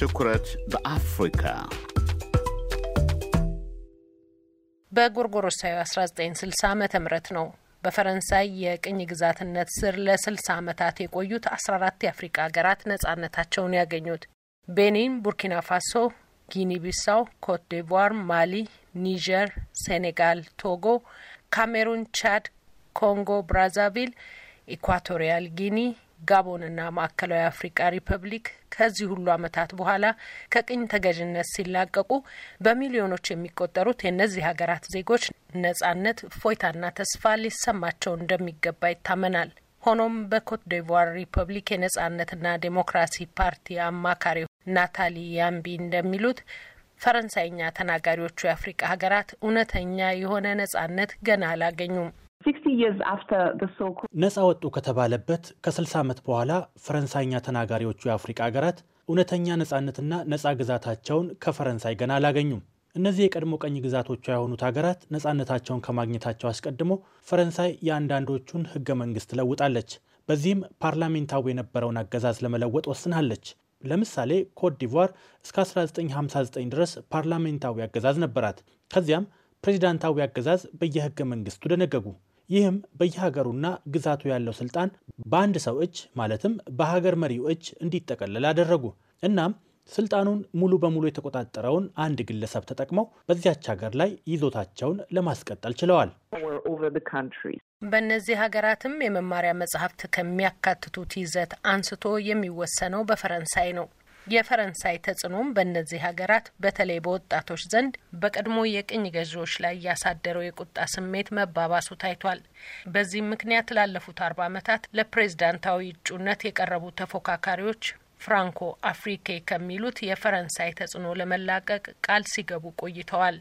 ትኩረት በአፍሪካ በጎርጎሮሳዊ 1960 ዓ ም ነው በፈረንሳይ የቅኝ ግዛትነት ስር ለ60 ዓመታት የቆዩት 14 የአፍሪካ ሀገራት ነጻነታቸውን ያገኙት። ቤኒን፣ ቡርኪና ፋሶ፣ ጊኒ ቢሳው፣ ኮት ዲቯር፣ ማሊ፣ ኒጀር፣ ሴኔጋል፣ ቶጎ፣ ካሜሩን፣ ቻድ፣ ኮንጎ ብራዛቪል፣ ኢኳቶሪያል ጊኒ ጋቦንና ማዕከላዊ አፍሪካ ሪፐብሊክ ከዚህ ሁሉ ዓመታት በኋላ ከቅኝ ተገዥነት ሲላቀቁ በሚሊዮኖች የሚቆጠሩት የእነዚህ ሀገራት ዜጎች ነጻነት፣ እፎይታና ተስፋ ሊሰማቸው እንደሚገባ ይታመናል። ሆኖም በኮት ዲቯር ሪፐብሊክ የነጻነትና ዴሞክራሲ ፓርቲ አማካሪ ናታሊ ያምቢ እንደሚሉት ፈረንሳይኛ ተናጋሪዎቹ የአፍሪቃ ሀገራት እውነተኛ የሆነ ነጻነት ገና አላገኙም። ነፃ ወጡ ከተባለበት ከ60 ዓመት በኋላ ፈረንሳይኛ ተናጋሪዎቹ የአፍሪቃ ሀገራት እውነተኛ ነፃነትና ነፃ ግዛታቸውን ከፈረንሳይ ገና አላገኙም። እነዚህ የቀድሞ ቀኝ ግዛቶቿ የሆኑት ሀገራት ነፃነታቸውን ከማግኘታቸው አስቀድሞ ፈረንሳይ የአንዳንዶቹን ህገ መንግስት ለውጣለች። በዚህም ፓርላሜንታዊ የነበረውን አገዛዝ ለመለወጥ ወስናለች። ለምሳሌ ኮት ዲቯር እስከ 1959 ድረስ ፓርላሜንታዊ አገዛዝ ነበራት። ከዚያም ፕሬዚዳንታዊ አገዛዝ በየህገ መንግስቱ ደነገጉ። ይህም በየሀገሩና ግዛቱ ያለው ስልጣን በአንድ ሰው እጅ ማለትም በሀገር መሪው እጅ እንዲጠቀለል አደረጉ። እናም ስልጣኑን ሙሉ በሙሉ የተቆጣጠረውን አንድ ግለሰብ ተጠቅመው በዚያች ሀገር ላይ ይዞታቸውን ለማስቀጠል ችለዋል። በእነዚህ ሀገራትም የመማሪያ መጽሐፍት ከሚያካትቱት ይዘት አንስቶ የሚወሰነው በፈረንሳይ ነው። የፈረንሳይ ተጽዕኖም በእነዚህ ሀገራት በተለይ በወጣቶች ዘንድ በቀድሞ የቅኝ ገዢዎች ላይ ያሳደረው የቁጣ ስሜት መባባሱ ታይቷል። በዚህም ምክንያት ላለፉት አርባ ዓመታት ለፕሬዝዳንታዊ እጩነት የቀረቡ ተፎካካሪዎች ፍራንኮ አፍሪኬ ከሚሉት የፈረንሳይ ተጽዕኖ ለመላቀቅ ቃል ሲገቡ ቆይተዋል።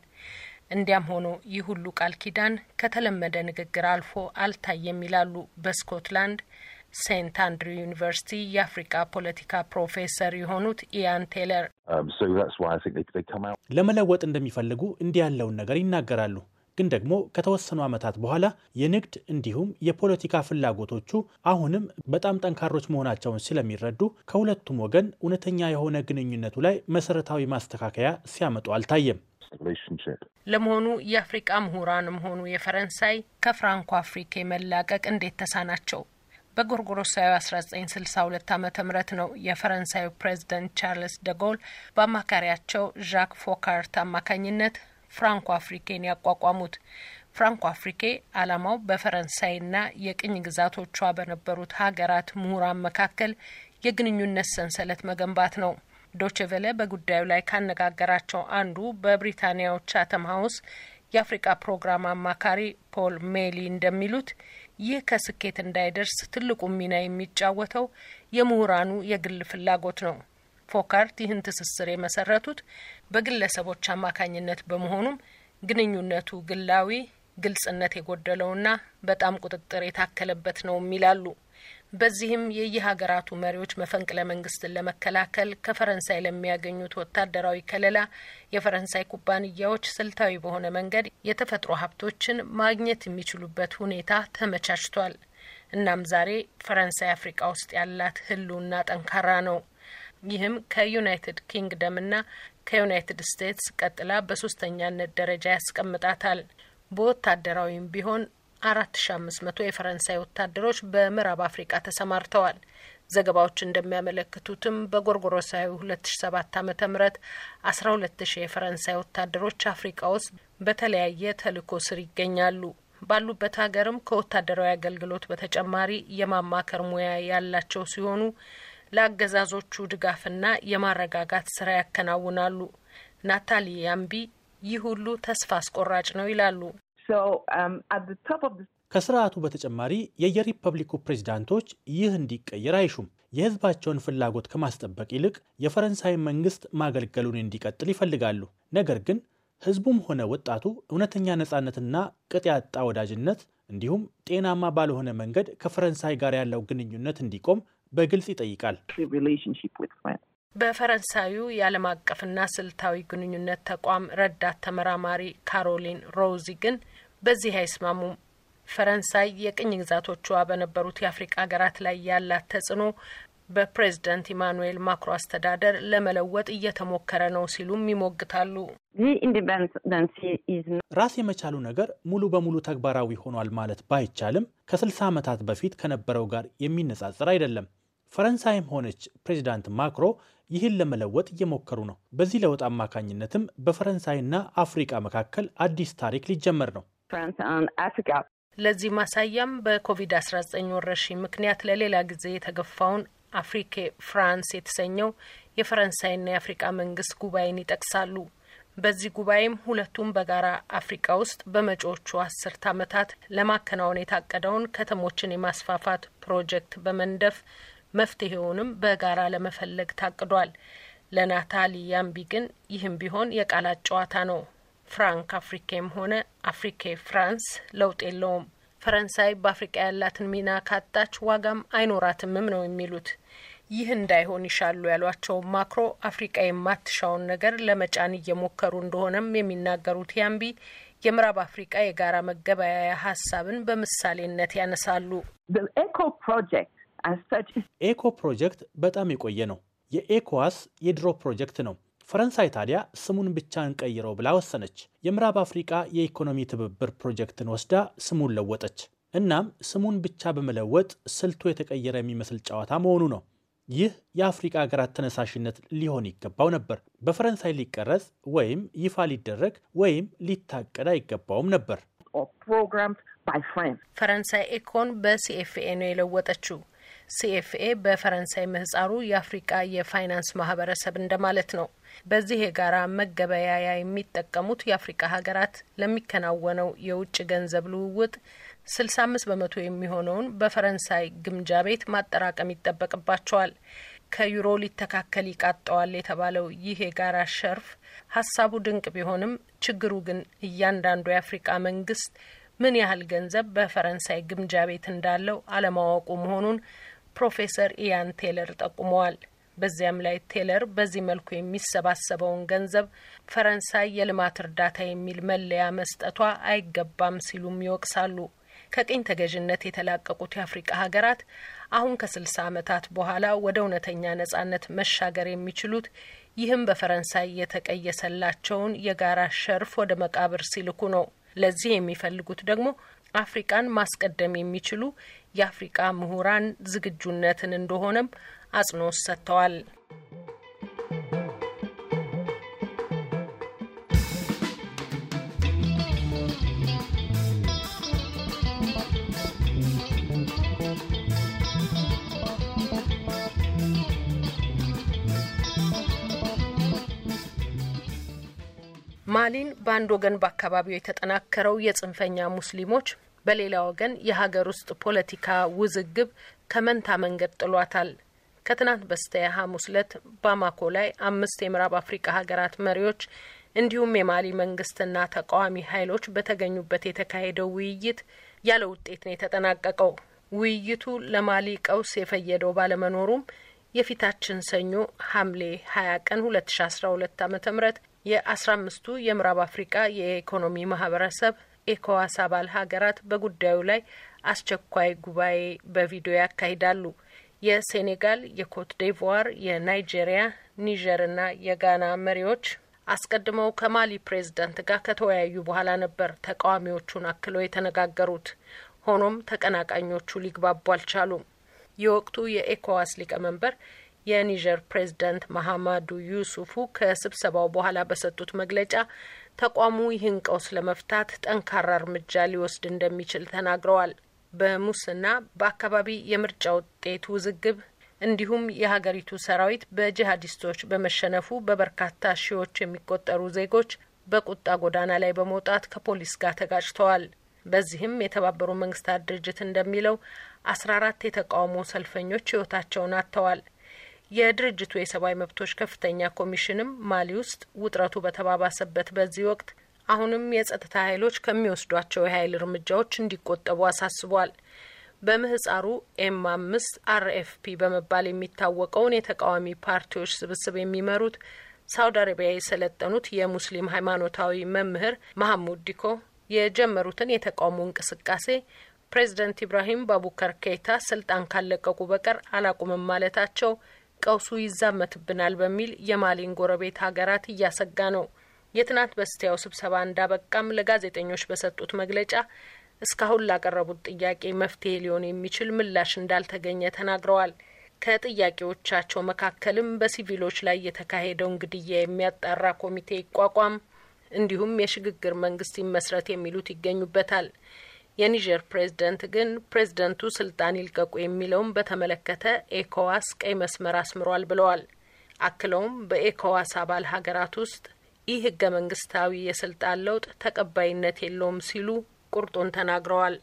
እንዲያም ሆኖ ይህ ሁሉ ቃል ኪዳን ከተለመደ ንግግር አልፎ አልታየም ይላሉ በስኮትላንድ ሴንት አንድሪው ዩኒቨርሲቲ የአፍሪካ ፖለቲካ ፕሮፌሰር የሆኑት ኢያን ቴለር um, ለመለወጥ እንደሚፈልጉ እንዲህ ያለውን ነገር ይናገራሉ። ግን ደግሞ ከተወሰኑ ዓመታት በኋላ የንግድ እንዲሁም የፖለቲካ ፍላጎቶቹ አሁንም በጣም ጠንካሮች መሆናቸውን ስለሚረዱ ከሁለቱም ወገን እውነተኛ የሆነ ግንኙነቱ ላይ መሰረታዊ ማስተካከያ ሲያመጡ አልታየም። ለመሆኑ የአፍሪቃ ምሁራንም ሆኑ የፈረንሳይ ከፍራንኮ አፍሪካ የመላቀቅ እንዴት ተሳናቸው? በጎርጎሮሳዊ 1962 ዓ ም ነው የፈረንሳዩ ፕሬዚደንት ቻርልስ ደጎል በአማካሪያቸው ዣክ ፎካርት አማካኝነት ፍራንኮ አፍሪኬን ያቋቋሙት። ፍራንኮ አፍሪኬ ዓላማው በፈረንሳይና የቅኝ ግዛቶቿ በነበሩት ሀገራት ምሁራን መካከል የግንኙነት ሰንሰለት መገንባት ነው። ዶችቬለ በጉዳዩ ላይ ካነጋገራቸው አንዱ በብሪታንያው ቻተም ሀውስ የአፍሪቃ ፕሮግራም አማካሪ ፖል ሜሊ እንደሚሉት ይህ ከስኬት እንዳይደርስ ትልቁ ሚና የሚጫወተው የምሁራኑ የግል ፍላጎት ነው። ፎካርት ይህን ትስስር የመሰረቱት በግለሰቦች አማካኝነት በመሆኑም ግንኙነቱ ግላዊ፣ ግልጽነት የጎደለውና በጣም ቁጥጥር የታከለበት ነው ይላሉ። በዚህም የየሀገራቱ መሪዎች መፈንቅለ መንግስትን ለመከላከል ከፈረንሳይ ለሚያገኙት ወታደራዊ ከለላ የፈረንሳይ ኩባንያዎች ስልታዊ በሆነ መንገድ የተፈጥሮ ሀብቶችን ማግኘት የሚችሉበት ሁኔታ ተመቻችቷል። እናም ዛሬ ፈረንሳይ አፍሪቃ ውስጥ ያላት ህልውና ጠንካራ ነው። ይህም ከዩናይትድ ኪንግደምና ከዩናይትድ ስቴትስ ቀጥላ በሶስተኛነት ደረጃ ያስቀምጣታል። በወታደራዊም ቢሆን አራት ሺ አምስት መቶ የፈረንሳይ ወታደሮች በምዕራብ አፍሪቃ ተሰማርተዋል። ዘገባዎች እንደሚያመለክቱትም በጎርጎሮሳዊ ሁለት ሺ ሰባት አመተ አስራ ሁለት ሺ የፈረንሳይ ወታደሮች አፍሪቃ ውስጥ በተለያየ ተልእኮ ስር ይገኛሉ። ባሉበት ሀገርም ከወታደራዊ አገልግሎት በተጨማሪ የማማከር ሙያ ያላቸው ሲሆኑ ለአገዛዞቹ ድጋፍና የማረጋጋት ስራ ያከናውናሉ። ናታሊ ያምቢ ይህ ሁሉ ተስፋ አስቆራጭ ነው ይላሉ። Um, ከስርዓቱ በተጨማሪ የየሪፐብሊኩ ፕሬዚዳንቶች ይህ እንዲቀየር አይሹም። የህዝባቸውን ፍላጎት ከማስጠበቅ ይልቅ የፈረንሳይ መንግስት ማገልገሉን እንዲቀጥል ይፈልጋሉ። ነገር ግን ህዝቡም ሆነ ወጣቱ እውነተኛ ነፃነትና ቅጥ ያጣ ወዳጅነት እንዲሁም ጤናማ ባልሆነ መንገድ ከፈረንሳይ ጋር ያለው ግንኙነት እንዲቆም በግልጽ ይጠይቃል። በፈረንሳዩ የዓለም አቀፍና ስልታዊ ግንኙነት ተቋም ረዳት ተመራማሪ ካሮሊን ሮዚ ግን በዚህ አይስማሙም። ፈረንሳይ የቅኝ ግዛቶቿ በነበሩት የአፍሪቃ ሀገራት ላይ ያላት ተጽዕኖ በፕሬዝደንት ኢማኑኤል ማክሮ አስተዳደር ለመለወጥ እየተሞከረ ነው ሲሉም ይሞግታሉ። ራስ የመቻሉ ነገር ሙሉ በሙሉ ተግባራዊ ሆኗል ማለት ባይቻልም ከ60 ዓመታት በፊት ከነበረው ጋር የሚነጻጽር አይደለም። ፈረንሳይም ሆነች ፕሬዚዳንት ማክሮ ይህን ለመለወጥ እየሞከሩ ነው። በዚህ ለውጥ አማካኝነትም በፈረንሳይና አፍሪቃ መካከል አዲስ ታሪክ ሊጀመር ነው። ለዚህ ማሳያም በኮቪድ-19 ወረርሽኝ ምክንያት ለሌላ ጊዜ የተገፋውን አፍሪኬ ፍራንስ የተሰኘው የፈረንሳይና የአፍሪቃ መንግስት ጉባኤን ይጠቅሳሉ። በዚህ ጉባኤም ሁለቱም በጋራ አፍሪካ ውስጥ በመጪዎቹ አስርት ዓመታት ለማከናወን የታቀደውን ከተሞችን የማስፋፋት ፕሮጀክት በመንደፍ መፍትሄውንም በጋራ ለመፈለግ ታቅዷል። ለናታሊ ያምቢ ግን ይህም ቢሆን የቃላት ጨዋታ ነው። ፍራንክ አፍሪኬም ሆነ አፍሪኬ ፍራንስ ለውጥ የለውም። ፈረንሳይ በአፍሪቃ ያላትን ሚና ካጣች ዋጋም አይኖራትምም ነው የሚሉት። ይህ እንዳይሆን ይሻሉ ያሏቸው ማክሮ አፍሪቃ የማትሻውን ነገር ለመጫን እየሞከሩ እንደሆነም የሚናገሩት ያምቢ የምዕራብ አፍሪቃ የጋራ መገበያያ ሀሳብን በምሳሌነት ያነሳሉ። ኤኮ ፕሮጀክት ኤኮ ፕሮጀክት በጣም የቆየ ነው። የኤኮዋስ የድሮ ፕሮጀክት ነው። ፈረንሳይ ታዲያ ስሙን ብቻ እንቀይረው ብላ ወሰነች። የምዕራብ አፍሪቃ የኢኮኖሚ ትብብር ፕሮጀክትን ወስዳ ስሙን ለወጠች። እናም ስሙን ብቻ በመለወጥ ስልቱ የተቀየረ የሚመስል ጨዋታ መሆኑ ነው። ይህ የአፍሪቃ ሀገራት ተነሳሽነት ሊሆን ይገባው ነበር። በፈረንሳይ ሊቀረጽ ወይም ይፋ ሊደረግ ወይም ሊታቀድ አይገባውም ነበር። ፈረንሳይ ኤኮን በሲኤፍኤ ነው የለወጠችው። ሲኤፍኤ በፈረንሳይ ምህጻሩ የአፍሪቃ የፋይናንስ ማህበረሰብ እንደማለት ነው። በዚህ የጋራ መገበያያ የሚጠቀሙት የአፍሪቃ ሀገራት ለሚከናወነው የውጭ ገንዘብ ልውውጥ 65 በመቶ የሚሆነውን በፈረንሳይ ግምጃ ቤት ማጠራቀም ይጠበቅባቸዋል። ከዩሮ ሊተካከል ይቃጠዋል የተባለው ይህ የጋራ ሸርፍ ሀሳቡ ድንቅ ቢሆንም ችግሩ ግን እያንዳንዱ የአፍሪቃ መንግስት ምን ያህል ገንዘብ በፈረንሳይ ግምጃ ቤት እንዳለው አለማወቁ መሆኑን ፕሮፌሰር ኢያን ቴለር ጠቁመዋል። በዚያም ላይ ቴለር በዚህ መልኩ የሚሰባሰበውን ገንዘብ ፈረንሳይ የልማት እርዳታ የሚል መለያ መስጠቷ አይገባም ሲሉም ይወቅሳሉ። ከቅኝ ተገዥነት የተላቀቁት የአፍሪቃ ሀገራት አሁን ከስልሳ ዓመታት በኋላ ወደ እውነተኛ ነጻነት መሻገር የሚችሉት ይህም በፈረንሳይ የተቀየሰላቸውን የጋራ ሸርፍ ወደ መቃብር ሲልኩ ነው። ለዚህ የሚፈልጉት ደግሞ አፍሪቃን ማስቀደም የሚችሉ የአፍሪቃ ምሁራን ዝግጁነትን እንደሆነም አጽንኦት ሰጥተዋል። ማሊን በአንድ ወገን በአካባቢው የተጠናከረው የጽንፈኛ ሙስሊሞች፣ በሌላ ወገን የሀገር ውስጥ ፖለቲካ ውዝግብ ከመንታ መንገድ ጥሏታል። ከትናንት በስቲያ ሐሙስ ዕለት ባማኮ ላይ አምስት የምዕራብ አፍሪካ ሀገራት መሪዎች እንዲሁም የማሊ መንግስትና ተቃዋሚ ኃይሎች በተገኙበት የተካሄደው ውይይት ያለ ውጤት ነው የተጠናቀቀው። ውይይቱ ለማሊ ቀውስ የፈየደው ባለመኖሩም የፊታችን ሰኞ ሐምሌ 20 ቀን 2012 ዓ.ም የአስራ አምስቱ የምዕራብ አፍሪቃ የኢኮኖሚ ማህበረሰብ ኤኮዋስ አባል ሀገራት በጉዳዩ ላይ አስቸኳይ ጉባኤ በቪዲዮ ያካሂዳሉ። የሴኔጋል፣ የኮት ዴቮር፣ የናይጄሪያ፣ እና የጋና መሪዎች አስቀድመው ከማሊ ፕሬዝዳንት ጋር ከተወያዩ በኋላ ነበር ተቃዋሚዎቹን አክለው የተነጋገሩት። ሆኖም ተቀናቃኞቹ ሊግባቡ አልቻሉም። የወቅቱ የኤኮዋስ ሊቀመንበር የኒጀር ፕሬዝዳንት መሐማዱ ዩሱፉ ከስብሰባው በኋላ በሰጡት መግለጫ ተቋሙ ይህን ቀውስ ለመፍታት ጠንካራ እርምጃ ሊወስድ እንደሚችል ተናግረዋል። በሙስና በአካባቢ የምርጫ ውጤት ውዝግብ እንዲሁም የሀገሪቱ ሰራዊት በጂሀዲስቶች በመሸነፉ በበርካታ ሺዎች የሚቆጠሩ ዜጎች በቁጣ ጎዳና ላይ በመውጣት ከፖሊስ ጋር ተጋጭተዋል። በዚህም የተባበሩ መንግስታት ድርጅት እንደሚለው አስራ አራት የተቃውሞ ሰልፈኞች ህይወታቸውን አጥተዋል። የድርጅቱ የሰብአዊ መብቶች ከፍተኛ ኮሚሽንም ማሊ ውስጥ ውጥረቱ በተባባሰበት በዚህ ወቅት አሁንም የጸጥታ ኃይሎች ከሚወስዷቸው የኃይል እርምጃዎች እንዲቆጠቡ አሳስቧል። በምህጻሩ ኤም አምስት አርኤፍፒ በመባል የሚታወቀውን የተቃዋሚ ፓርቲዎች ስብስብ የሚመሩት ሳውዲ አረቢያ የሰለጠኑት የሙስሊም ሃይማኖታዊ መምህር መሐሙድ ዲኮ የጀመሩትን የተቃውሞ እንቅስቃሴ ፕሬዝደንት ኢብራሂም ባቡከር ኬይታ ስልጣን ካለቀቁ በቀር አላቁምም ማለታቸው ቀውሱ ይዛመትብናል በሚል የማሊን ጎረቤት ሀገራት እያሰጋ ነው። የትናንት በስቲያው ስብሰባ እንዳበቃም ለጋዜጠኞች በሰጡት መግለጫ እስካሁን ላቀረቡት ጥያቄ መፍትሄ ሊሆን የሚችል ምላሽ እንዳልተገኘ ተናግረዋል። ከጥያቄዎቻቸው መካከልም በሲቪሎች ላይ የተካሄደውን ግድያ የሚያጣራ ኮሚቴ ይቋቋም፣ እንዲሁም የሽግግር መንግስት ይመስረት የሚሉት ይገኙበታል። የኒጀር ፕሬዝደንት ግን ፕሬዝደንቱ ስልጣን ይልቀቁ የሚለውን በተመለከተ ኤኮዋስ ቀይ መስመር አስምሯል ብለዋል። አክለውም በኤኮዋስ አባል ሀገራት ውስጥ ይህ ህገ መንግስታዊ የስልጣን ለውጥ ተቀባይነት የለውም ሲሉ ቁርጡን ተናግረዋል።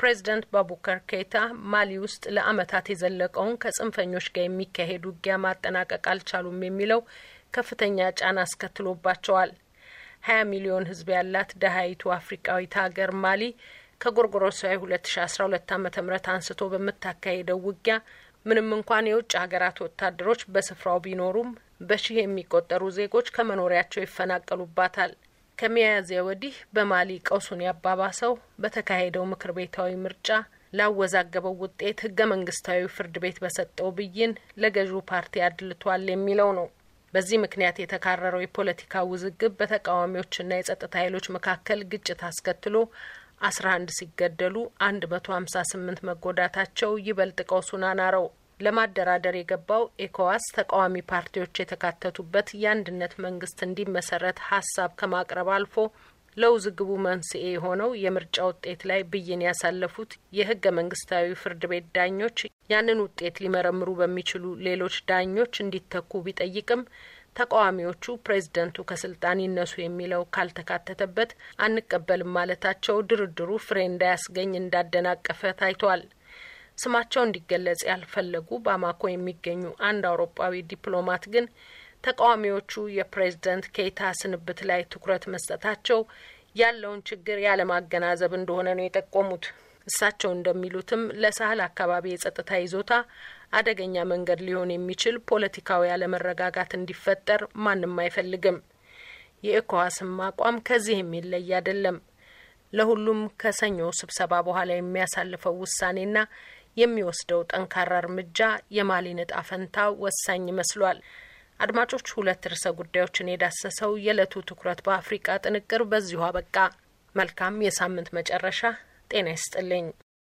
ፕሬዚደንት ባቡከር ኬታ ማሊ ውስጥ ለአመታት የዘለቀውን ከጽንፈኞች ጋር የሚካሄድ ውጊያ ማጠናቀቅ አልቻሉም የሚለው ከፍተኛ ጫና አስከትሎባቸዋል። ሀያ ሚሊዮን ህዝብ ያላት ደሀይቱ አፍሪቃዊት ሀገር ማሊ ከጎርጎሮሳዊ 2012 ዓ ም አንስቶ በምታካሄደው ውጊያ ምንም እንኳን የውጭ ሀገራት ወታደሮች በስፍራው ቢኖሩም በሺህ የሚቆጠሩ ዜጎች ከመኖሪያቸው ይፈናቀሉባታል። ከሚያዝያ ወዲህ በማሊ ቀውሱን ያባባሰው በተካሄደው ምክር ቤታዊ ምርጫ ላወዛገበው ውጤት ህገ መንግስታዊ ፍርድ ቤት በሰጠው ብይን ለገዢው ፓርቲ አድልቷል የሚለው ነው። በዚህ ምክንያት የተካረረው የፖለቲካ ውዝግብ በተቃዋሚዎችና የጸጥታ ኃይሎች መካከል ግጭት አስከትሎ አስራ አንድ ሲገደሉ አንድ መቶ ሀምሳ ስምንት መጎዳታቸው ይበልጥ ቀውሱን አናረው። ለማደራደር የገባው ኤኮዋስ ተቃዋሚ ፓርቲዎች የተካተቱበት የአንድነት መንግስት እንዲመሰረት ሀሳብ ከማቅረብ አልፎ ለውዝግቡ መንስኤ የሆነው የምርጫ ውጤት ላይ ብይን ያሳለፉት የህገ መንግስታዊ ፍርድ ቤት ዳኞች ያንን ውጤት ሊመረምሩ በሚችሉ ሌሎች ዳኞች እንዲተኩ ቢጠይቅም ተቃዋሚዎቹ ፕሬዝደንቱ ከስልጣን ይነሱ የሚለው ካልተካተተበት አንቀበልም ማለታቸው ድርድሩ ፍሬ እንዳያስገኝ እንዳደናቀፈ ታይቷል። ስማቸው እንዲገለጽ ያልፈለጉ ባማኮ የሚገኙ አንድ አውሮፓዊ ዲፕሎማት ግን ተቃዋሚዎቹ የፕሬዝደንት ኬይታ ስንብት ላይ ትኩረት መስጠታቸው ያለውን ችግር ያለማገናዘብ እንደሆነ ነው የጠቆሙት። እሳቸው እንደሚሉትም ለሳህል አካባቢ የጸጥታ ይዞታ አደገኛ መንገድ ሊሆን የሚችል ፖለቲካዊ አለመረጋጋት እንዲፈጠር ማንም አይፈልግም። የኢኮዋስም አቋም ከዚህ የሚለይ አይደለም። ለሁሉም ከሰኞ ስብሰባ በኋላ የሚያሳልፈው ውሳኔና የሚወስደው ጠንካራ እርምጃ የማሊን እጣ ፈንታ ወሳኝ ይመስሏል። አድማጮች፣ ሁለት ርዕሰ ጉዳዮችን የዳሰሰው የዕለቱ ትኩረት በአፍሪቃ ጥንቅር በዚሁ አበቃ። መልካም የሳምንት መጨረሻ። ጤና ይስጥልኝ።